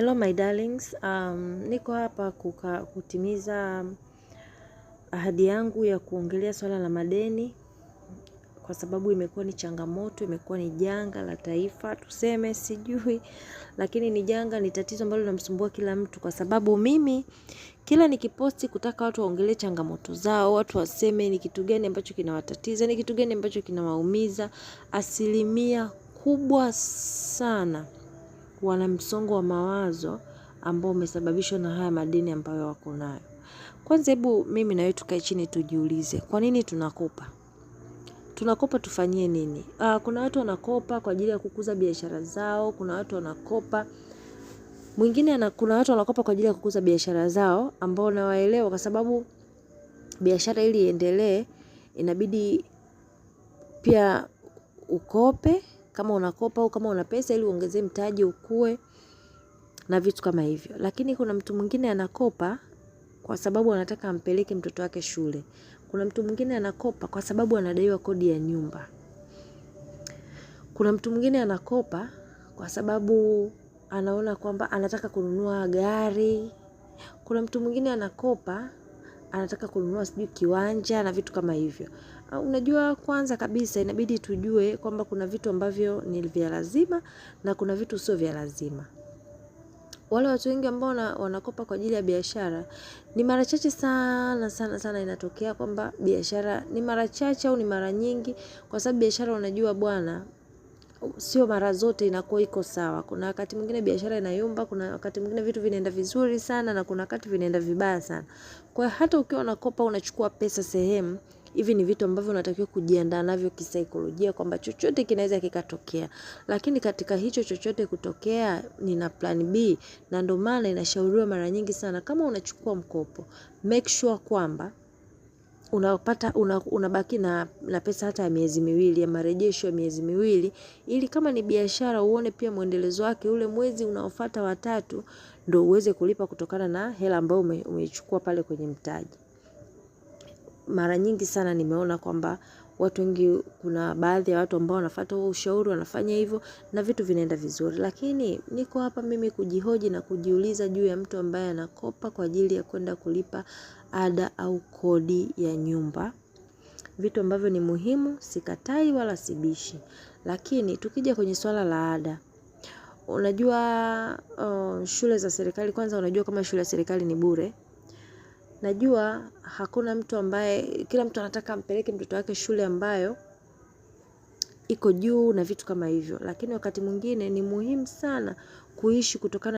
Hello my darlings. Um, niko hapa kuka, kutimiza ahadi yangu ya kuongelea swala la madeni kwa sababu imekuwa ni changamoto, imekuwa ni janga la taifa tuseme, sijui, lakini ni janga, ni tatizo ambalo linamsumbua kila mtu, kwa sababu mimi kila nikiposti kutaka watu waongelee changamoto zao, watu waseme ni kitu gani ambacho kinawatatiza, ni kitu gani ambacho kinawaumiza, asilimia kubwa sana kuwa na msongo wa mawazo ambao umesababishwa na haya madeni ambayo wako nayo. Kwanza hebu mimi na wewe tukae chini tujiulize, kwa nini tunakopa? Tunakopa tufanyie nini? Aa, ah, kuna watu wanakopa kwa ajili ya kukuza biashara zao, kuna watu wanakopa mwingine ana, kuna watu wanakopa kwa ajili ya kukuza biashara zao ambao nawaelewa kwa sababu biashara ili iendelee inabidi pia ukope kama unakopa au kama una pesa ili uongezee mtaji ukue na vitu kama hivyo. Lakini kuna mtu mwingine anakopa kwa sababu anataka ampeleke mtoto wake shule. Kuna mtu mwingine anakopa kwa sababu anadaiwa kodi ya nyumba. Kuna mtu mwingine anakopa kwa sababu anaona kwamba anataka kununua gari. Kuna mtu mwingine anakopa anataka kununua sijui kiwanja na vitu kama hivyo. Ah, unajua, kwanza kabisa inabidi tujue kwamba kuna vitu ambavyo ni vya lazima na kuna vitu sio vya lazima. Wale watu wengi ambao wanakopa kwa ajili ya biashara ni mara chache sana sana sana inatokea kwamba biashara ni mara chache au ni mara nyingi, kwa sababu biashara, unajua bwana sio mara zote inakuwa iko sawa. Kuna wakati mwingine biashara inayumba, kuna wakati mwingine vitu vinaenda vizuri sana na kuna wakati vinaenda vibaya sana. Kwa hiyo hata ukiwa unakopa unachukua pesa sehemu, hivi ni vitu ambavyo unatakiwa kujiandaa navyo kisaikolojia kwamba chochote kinaweza kikatokea. Lakini katika hicho chochote kutokea nina plan B na ndio maana inashauriwa mara nyingi sana kama unachukua mkopo, make sure kwamba unapata una, unabaki na, na pesa hata ya miezi miwili ya marejesho ya miezi miwili, ili kama ni biashara uone pia mwendelezo wake ule mwezi unaofuata watatu, ndo uweze kulipa kutokana na hela ambayo umeichukua pale kwenye mtaji. Mara nyingi sana nimeona kwamba watu wengi, kuna baadhi ya watu ambao wanafuata huo ushauri, wanafanya hivyo na vitu vinaenda vizuri. Lakini niko hapa mimi kujihoji na kujiuliza juu ya mtu ambaye anakopa kwa ajili ya kwenda kulipa ada au kodi ya nyumba, vitu ambavyo ni muhimu, sikatai wala sibishi. Lakini tukija kwenye swala la ada, unajua uh, shule za serikali kwanza, unajua kama shule ya serikali ni bure Najua hakuna mtu ambaye, kila mtu anataka ampeleke mtoto wake shule ambayo iko juu na vitu kama hivyo, lakini wakati mwingine ni muhimu sana kuishi kutokana